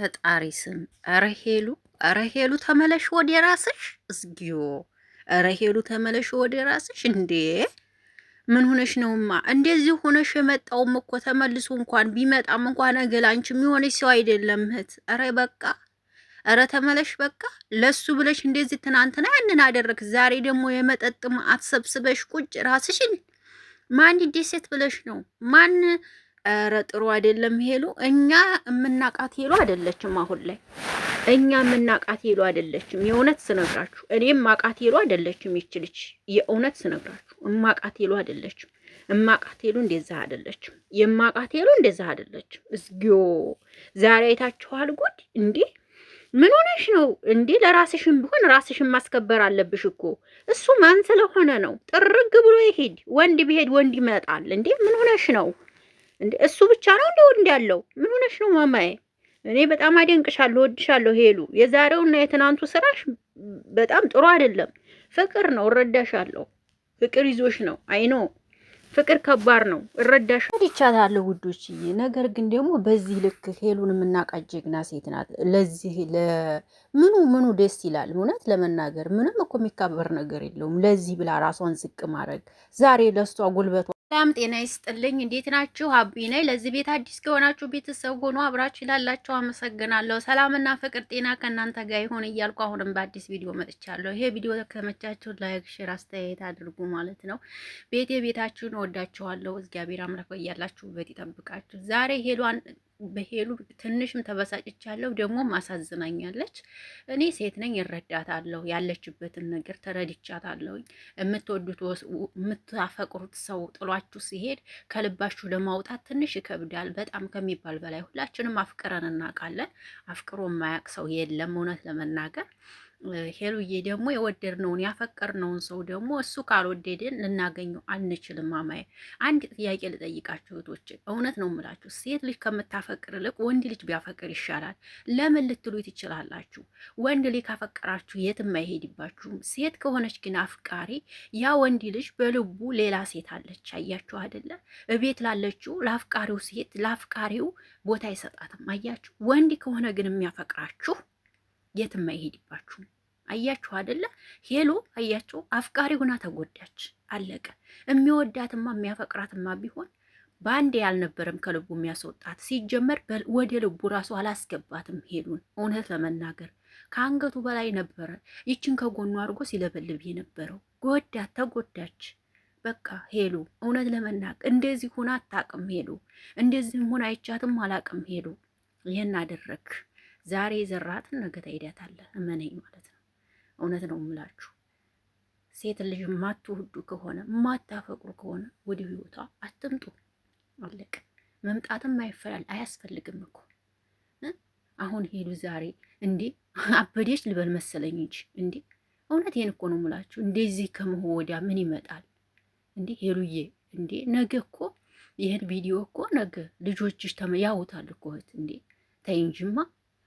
ፈጣሪ ስም ረሄሉ ረሄሉ ተመለሽ ወደ ራስሽ። እዝጊዮ ረሄሉ ተመለሽ ወደ ራስሽ። እንዴ ምን ሆነሽ ነውማ? እንደዚህ ሆነሽ የመጣውም እኮ ተመልሶ እንኳን ቢመጣም እንኳን ነገ ላንቺ የሚሆነሽ ሰው አይደለም እህት። ኧረ በቃ ኧረ ተመለሽ በቃ። ለሱ ብለሽ እንደዚህ ትናንትና ያንን አደረግ፣ ዛሬ ደግሞ የመጠጥ መዓት ሰብስበሽ ቁጭ ራስሽን። ማን ይደሰት ብለሽ ነው ማን ኧረ ጥሩ አይደለም ሄሉ። እኛ የምናቃት ሄሉ አይደለችም። አሁን ላይ እኛ የምናቃት ሄሉ አይደለችም። የእውነት ስነግራችሁ እኔም ማቃት ሄሉ አይደለችም። ይችልች የእውነት ስነግራችሁ እማቃት ሄሉ አይደለችም። እማቃት ሄሉ እንደዛ አይደለችም። የማቃት ሄሉ እንደዛ አይደለችም። እዝጊዮ ዛሬ አይታችኋል ጉድ እንዴ! ምን ሆነሽ ነው እንዴ? ለራስሽም ቢሆን ራስሽን ማስከበር አለብሽ እኮ። እሱ ማን ስለሆነ ነው? ጥርግ ብሎ ይሄድ ወንድ ቢሄድ ወንድ ይመጣል እንዴ? ምን ሆነሽ ነው? እሱ ብቻ ነው እንደ ያለው። ምን ሆነሽ ነው ማማዬ? እኔ በጣም አደንቅሻለሁ፣ ወድሻለሁ ሄሉ። የዛሬውና የትናንቱ ስራሽ በጣም ጥሩ አይደለም። ፍቅር ነው፣ እረዳሻለሁ። ፍቅር ይዞሽ ነው አይኖ ፍቅር ከባድ ነው። እረዳሽ ይቻላለሁ ውዶች ነገር ግን ደግሞ በዚህ ልክ ሄሉን የምናውቃት ጀግና ሴት ናት። ለዚህ ምኑ ምኑ ደስ ይላል። እውነት ለመናገር ምንም እኮ የሚካበር ነገር የለውም። ለዚህ ብላ ራሷን ዝቅ ማድረግ ዛሬ ለእሷ ጉልበቷ ሰላም ጤና ይስጥልኝ። እንዴት ናችሁ? አቢ ነኝ። ለዚህ ቤት አዲስ ከሆናችሁ ቤተሰብ ሆኖ አብራችሁ ይላላችሁ። አመሰግናለሁ። ሰላምና ፍቅር ጤና ከእናንተ ጋር ይሁን እያልኩ አሁንም በአዲስ ቪዲዮ መጥቻለሁ። ይሄ ቪዲዮ ከመቻችሁ ላይክ፣ ሼር፣ አስተያየት አድርጉ ማለት ነው። ቤቴ ቤታችሁን ወዳችኋለሁ። እግዚአብሔር አምላክ ያላችሁበት ይጠብቃችሁ። ዛሬ ሄሏን በሄሉ ትንሽም ተበሳጭቻለሁ፣ ደግሞ አሳዝናኛለች። እኔ ሴት ነኝ፣ እረዳታለሁ። ያለችበትን ነገር ተረድቻታለሁኝ። የምትወዱት የምታፈቅሩት ሰው ጥሏችሁ ሲሄድ ከልባችሁ ለማውጣት ትንሽ ይከብዳል፣ በጣም ከሚባል በላይ። ሁላችንም አፍቅረን እናውቃለን። አፍቅሮ የማያውቅ ሰው የለም እውነት ለመናገር ሄሉዬ ደግሞ የወደድነውን ያፈቀርነውን ሰው ደግሞ እሱ ካልወደድን ልናገኘው አንችልም። ማማዬ አንድ ጥያቄ ልጠይቃችሁ እህቶቼ፣ እውነት ነው የምላችሁ፣ ሴት ልጅ ከምታፈቅር ይልቅ ወንድ ልጅ ቢያፈቅር ይሻላል። ለምን ልትሉ ትችላላችሁ። ወንድ ልጅ ካፈቀራችሁ የትም አይሄድባችሁም። ሴት ከሆነች ግን አፍቃሪ፣ ያ ወንድ ልጅ በልቡ ሌላ ሴት አለች። አያችሁ አይደለ? እቤት ላለችው ለአፍቃሪው ሴት ለአፍቃሪው ቦታ አይሰጣትም። አያችሁ። ወንድ ከሆነ ግን የሚያፈቅራችሁ የትም አይሄድባችሁም። አያችሁ አደለ? ሄሎ አያችሁ፣ አፍቃሪ ሁና ተጎዳች። አለቀ። የሚወዳትማ የሚያፈቅራትማ ቢሆን በአንዴ ያልነበረም ከልቡ የሚያስወጣት ሲጀመር ወደ ልቡ ራሱ አላስገባትም። ሄሉን እውነት ለመናገር ከአንገቱ በላይ ነበረ። ይችን ከጎኑ አድርጎ ሲለበልብ የነበረው ጎዳት፣ ተጎዳች። በቃ ሄሉ እውነት ለመናገር እንደዚህ ሆና አታቅም ሄሉ። እንደዚህም ሁና አይቻትም አላቅም ሄሉ። ይህን አደረግ ዛሬ የዘራትን ነገ ታይዳታለህ። እመነኝ ማለት ነው። እውነት ነው የምላችሁ። ሴት ልጅ ማትወዱ ከሆነ ማታፈቅሩ ከሆነ ወደ ህይወቷ አትምጡ። አለቅ መምጣትም አይፈላል አያስፈልግም እኮ አሁን ሄዱ ዛሬ እንዴ አበዴች ልበል መሰለኝ እንጂ እንዴ እውነቴን እኮ ነው የምላችሁ። እንደዚህ ከመሆን ወዲያ ምን ይመጣል እንዴ? ሄሉዬ እንዴ ነገ እኮ ይህን ቪዲዮ እኮ ነገ ልጆችሽ ያውታል እኮ እህት እንዴ ተይ እንጂማ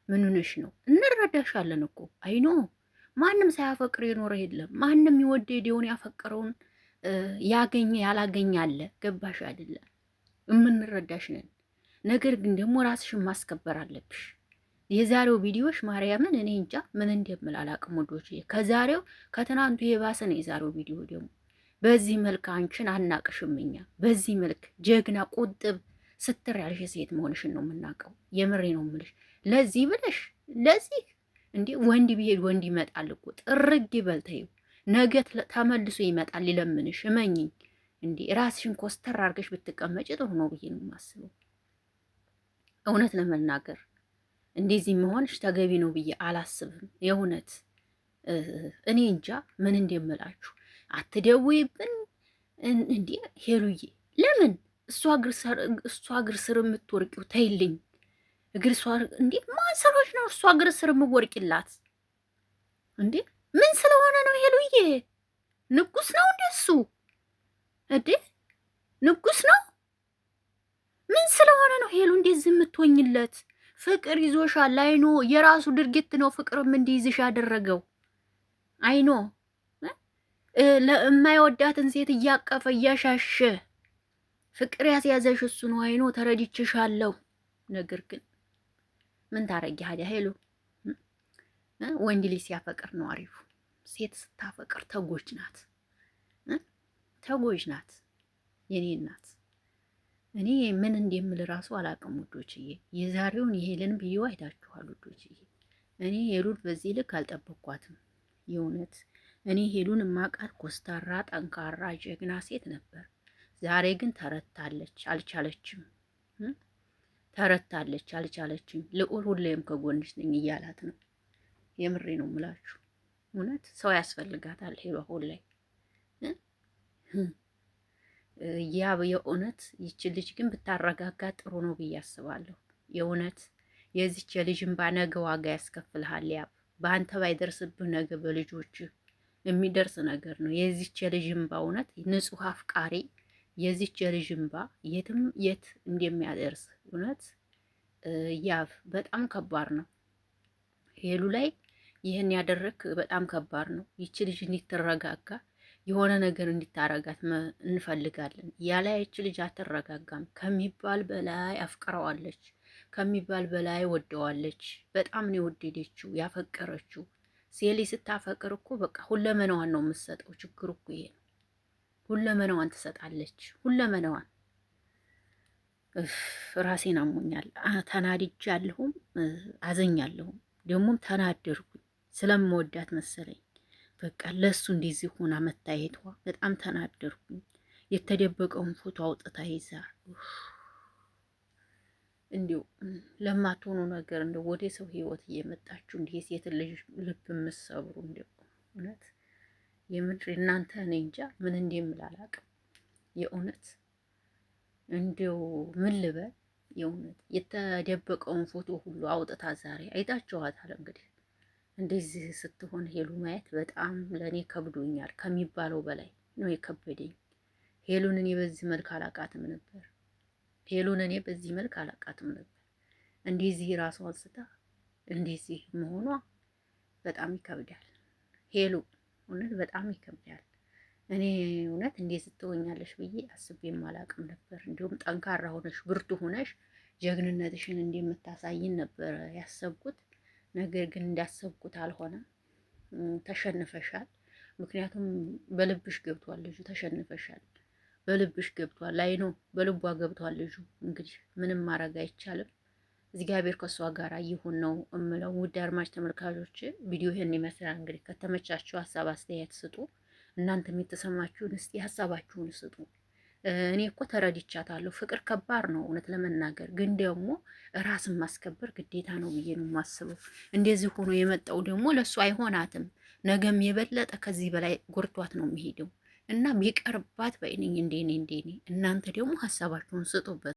ምንነሽ ነው? እንረዳሻለን እኮ አይኖ ማንም ሳያፈቅር የኖረ የለም። ማንም የወደ ዲሆን ያፈቀረውን ያገኘ ያላገኘ አለ። ገባሽ አይደለም? የምንረዳሽ ነን። ነገር ግን ደግሞ ራስሽን ማስከበር አለብሽ። የዛሬው ቪዲዮሽ ማርያምን እኔ እንጃ ምን እንደምል አላቅም። ወዶች ከዛሬው ከትናንቱ የባሰ ነው የዛሬው ቪዲዮ ደግሞ። በዚህ መልክ አንቺን አናቅሽም እኛ። በዚህ መልክ ጀግና፣ ቁጥብ፣ ስትር ያልሽ ሴት መሆንሽን ነው የምናውቀው። የምሬ ነው ምልሽ ለዚህ ብለሽ ለዚህ እንዴ ወንድ ቢሄድ ወንድ ይመጣል እኮ ጥርግ ይበልተዩ ነገ ተመልሶ ይመጣል ሊለምንሽ። እመኝኝ እንዴ ራስሽን ኮስተር አድርገሽ ብትቀመጭ ጥሩ ነው ብዬ ነው የማስበው። እውነት ለመናገር እንደዚህ መሆንሽ ተገቢ ነው ብዬ አላስብም። የእውነት እኔ እንጃ ምን እንደምላችሁ። አትደውይብን እንዴ ሄሉዬ፣ ለምን እሷ እግር ስር የምትወርቂው? ተይልኝ እግር ሷ እንዴ ማሰሮች ነው እሷ እግር ስር ምወርቂላት እንዴ? ምን ስለሆነ ነው? ሄሉዬ ንጉስ ነው እንዴ እሱ? እንዴ ንጉስ ነው? ምን ስለሆነ ነው ሄሉ እንደዚህ የምትሆኝለት? ፍቅር ይዞሻል። አይኖ የራሱ ድርጊት ነው ፍቅርም እንዲይዝሽ ያደረገው አይኖ ለማይወዳትን ሴት እያቀፈ እያሻሸ ፍቅር ያስያዘሽ እሱ ነው። አይኖ ተረድቼሻለሁ። ነገር ግን ምን ታረጊ ሄሎ ወንድ ልጅ ሲያፈቅር ነው አሪፉ። ሴት ስታፈቅር ተጎጅ ናት፣ ተጎጅ ናት። የኔ ናት። እኔ ምን እንደምል ራሱ አላውቅም ውዶችዬ። የዛሬውን ይሄልን ብዬው አይታችኋል ውዶችዬ። እኔ ሄሉን በዚህ ልክ አልጠበኳትም የእውነት እኔ ሄሉን ማቃት ኮስታራ፣ ጠንካራ፣ ጀግና ሴት ነበር። ዛሬ ግን ተረታለች፣ አልቻለችም። ተረታለች፣ አልቻለችም። ልዑል ሁሌም ከጎንሽ ነኝ እያላት ነው። የምሬ ነው ምላችሁ። እውነት ሰው ያስፈልጋታል ሄሎ ላይ ያ የእውነት ይች ልጅ ግን ብታረጋጋ ጥሩ ነው ብዬ አስባለሁ። የእውነት የዚች የልጅን ባነገ ዋጋ ያስከፍልሃል። ያ በአንተ ባይደርስብህ ነገ በልጆች የሚደርስ ነገር ነው። የዚች የልጅን በእውነት ንጹሕ አፍቃሪ የዚች የልጅ እንባ የትም የት እንደሚያደርስ እውነት ያፍ በጣም ከባድ ነው። ሄሉ ላይ ይህን ያደረግ በጣም ከባድ ነው። ይቺ ልጅ እንዲትረጋጋ የሆነ ነገር እንዲታረጋት እንፈልጋለን። ያለ ይቺ ልጅ አትረጋጋም ከሚባል በላይ አፍቅረዋለች፣ ከሚባል በላይ ወደዋለች። በጣም ነው የወደደችው ያፈቀረችው። ሴሊ ስታፈቅር እኮ በቃ ሁለመናዋን ነው የምትሰጠው። ችግር እኮ ይሄ ነው። ሁለመናዋን ትሰጣለች። ሁለመናዋን ራሴን አሞኛል፣ ተናድጃለሁም፣ አዘኛለሁም ደግሞም ተናደርኩኝ። ስለምወዳት መሰለኝ በቃ ለእሱ እንደዚህ ሆና መታየቷ በጣም ተናደርኩኝ። የተደበቀውን ፎቶ አውጥታ ይዛ እንዲሁ ለማትሆኑ ነገር እንደ ወደ ሰው ህይወት እየመጣችሁ እንዲህ የሴትን ልጅ ልብ የምትሰብሩ እንዲሁ እውነት የምድር እናንተ እኔ እንጃ ምን እንደምል አላውቅም። የእውነት እንዲው ምን ልበል የእውነት የተደበቀውን ፎቶ ሁሉ አውጥታ ዛሬ አይታችኋታል። እንግዲህ እንደዚህ ስትሆን ሄሉ ማየት በጣም ለእኔ ከብዶኛል ከሚባለው በላይ ነው የከበደኝ። ሄሉን እኔ በዚህ መልክ አላቃትም ነበር። ሄሉን እኔ በዚህ መልክ አላቃትም ነበር። እንደዚህ ራሷን ስታ እንደዚህ መሆኗ በጣም ይከብዳል ሄሉ እውነት በጣም ይከብዳል። እኔ እውነት እንዴት ስትሆኛለሽ ብዬ አስቤም አላቅም ነበር። እንዲሁም ጠንካራ ሆነሽ ብርቱ ሆነሽ ጀግንነትሽን እንደምታሳይን ነበር ያሰብኩት። ነገር ግን እንዳሰብኩት አልሆነ። ተሸንፈሻል። ምክንያቱም በልብሽ ገብቷል ልጁ። ተሸንፈሻል፣ በልብሽ ገብቷል። አይ ነው በልቧ ገብቷል ልጁ። እንግዲህ ምንም ማድረግ አይቻልም። እግዚአብሔር ከእሷ ጋር ይሁን ነው እምለው። ውድ አድማጭ ተመልካቾች ቪዲዮ ይህን ይመስላል። እንግዲህ ከተመቻችሁ ሀሳብ አስተያየት ስጡ። እናንተም የተሰማችሁን እስቲ ሀሳባችሁን ስጡ። እኔ እኮ ተረድቻታለሁ። ፍቅር ከባድ ነው እውነት ለመናገር ግን ደግሞ ራስን ማስከበር ግዴታ ነው ብዬ ነው የማስበው። እንደዚህ ሆኖ የመጣው ደግሞ ለእሱ አይሆናትም። ነገም የበለጠ ከዚህ በላይ ጎርቷት ነው የሚሄደው እና ቢቀርባት በእኔኝ እንዴኔ እንዴኔ እናንተ ደግሞ ሀሳባችሁን ስጡበት።